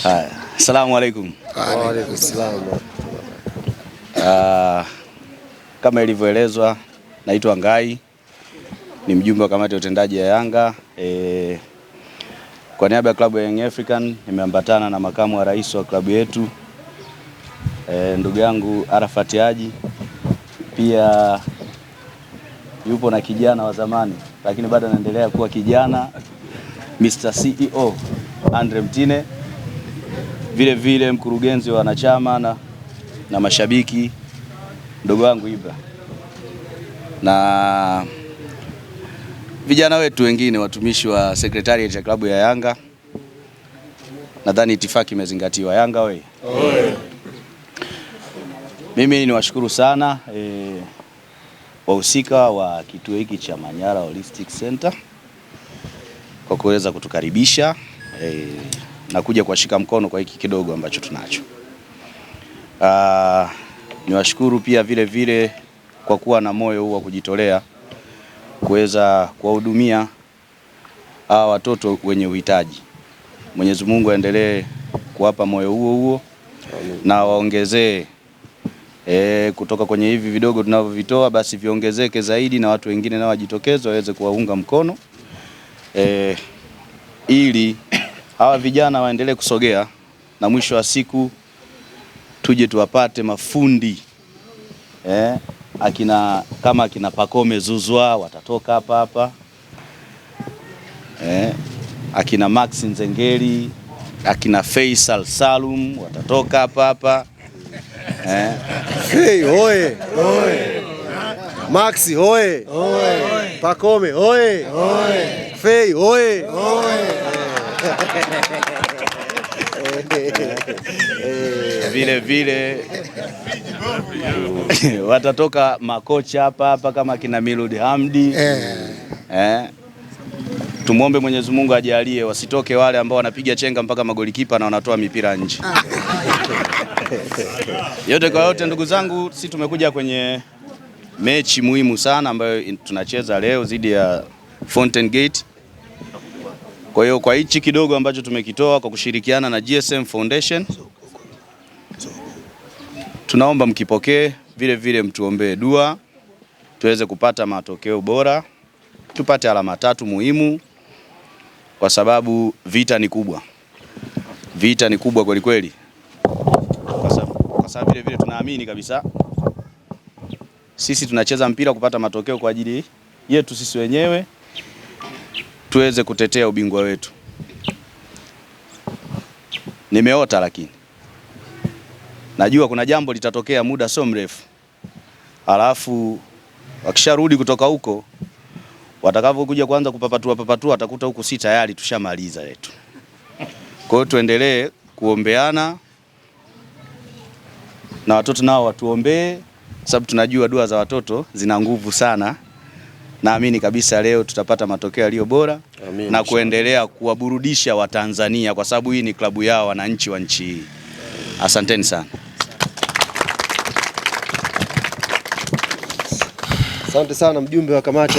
Haya, Asalamu alaykum. Wa alaykum Uh, ah, kama ilivyoelezwa naitwa Ngai ni mjumbe wa kamati ya utendaji ya Yanga e, kwa niaba ya klabu ya Young African nimeambatana na makamu wa rais wa klabu yetu e, ndugu yangu Arafat Haji, pia yupo na kijana wa zamani lakini bado anaendelea kuwa kijana Mr. CEO Andre Mtine vile vile mkurugenzi wa wanachama na, na mashabiki mdogo wangu Ibra na vijana wetu wengine watumishi wa sekretarieti ya klabu ya Yanga. Nadhani itifaki imezingatiwa. Yanga we, mimi niwashukuru sana e, wahusika wa kituo hiki cha Manyara Holistic Center kwa kuweza kutukaribisha e, na kuja kuwashika mkono kwa hiki kidogo ambacho tunacho. Uh, niwashukuru pia vile vile kwa kuwa na moyo huu wa kujitolea kuweza kuwahudumia hawa watoto wenye uhitaji. Mwenyezi Mungu aendelee kuwapa moyo huo huo na waongezee e, kutoka kwenye hivi vidogo tunavyovitoa basi viongezeke zaidi, na watu wengine nao wajitokeze waweze kuwaunga mkono e, ili hawa vijana waendelee kusogea na mwisho wa siku tuje tuwapate mafundi eh, akina kama akina Pakome Zuzwa watatoka hapa hapa eh, akina Max Nzengeli akina Faisal Salum watatoka hapa hapa eh. Hey, oye, oye. Maxi hoye, Pakome hoye, Fei Oye. vile vile watatoka makocha hapa hapa kama kina Milud Hamdi eh. Eh. Tumwombe Mwenyezi Mungu ajalie wasitoke wale ambao wanapiga chenga mpaka magolikipa na wanatoa mipira nje. Ah. Yote kwa yote, ndugu zangu, si tumekuja kwenye mechi muhimu sana ambayo tunacheza leo dhidi ya Fountain Gate. Kwa hiyo kwa hichi kidogo ambacho tumekitoa kwa kushirikiana na GSM Foundation tunaomba mkipokee, vile vile mtuombee dua tuweze kupata matokeo bora, tupate alama tatu muhimu, kwa sababu vita ni kubwa, vita ni kubwa kweli kweli, kwa sababu vile vile tunaamini kabisa sisi tunacheza mpira kupata matokeo kwa ajili yetu sisi wenyewe tuweze kutetea ubingwa wetu. Nimeota lakini najua kuna jambo litatokea muda sio mrefu, alafu wakisharudi kutoka huko watakavyokuja kuanza kupapatua papatua, watakuta huku si tayari tushamaliza yetu Kwa hiyo tuendelee kuombeana na watoto nao watuombee, sababu tunajua dua za watoto zina nguvu sana. Naamini kabisa leo tutapata matokeo yaliyo bora na kuendelea kuwaburudisha Watanzania kwa sababu hii ni klabu yao, wananchi wa nchi hii. Asanteni sana. Asante sana mjumbe wa kamati.